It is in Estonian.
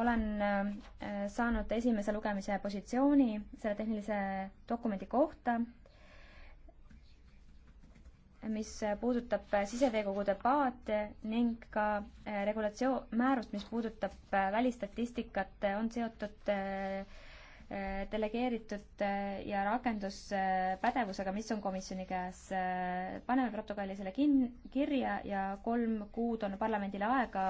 olen äh, saanud esimese lugemise positsiooni selle tehnilise dokumendi kohta, mis puudutab äh, siseveekogude paate ning ka äh, regulatsioon, määrust, mis puudutab välistatistikat, on seotud delegeeritud ja rakenduspädevusega, mis on komisjoni käes. paneme protokolli selle kin-, kirja ja kolm kuud on parlamendil aega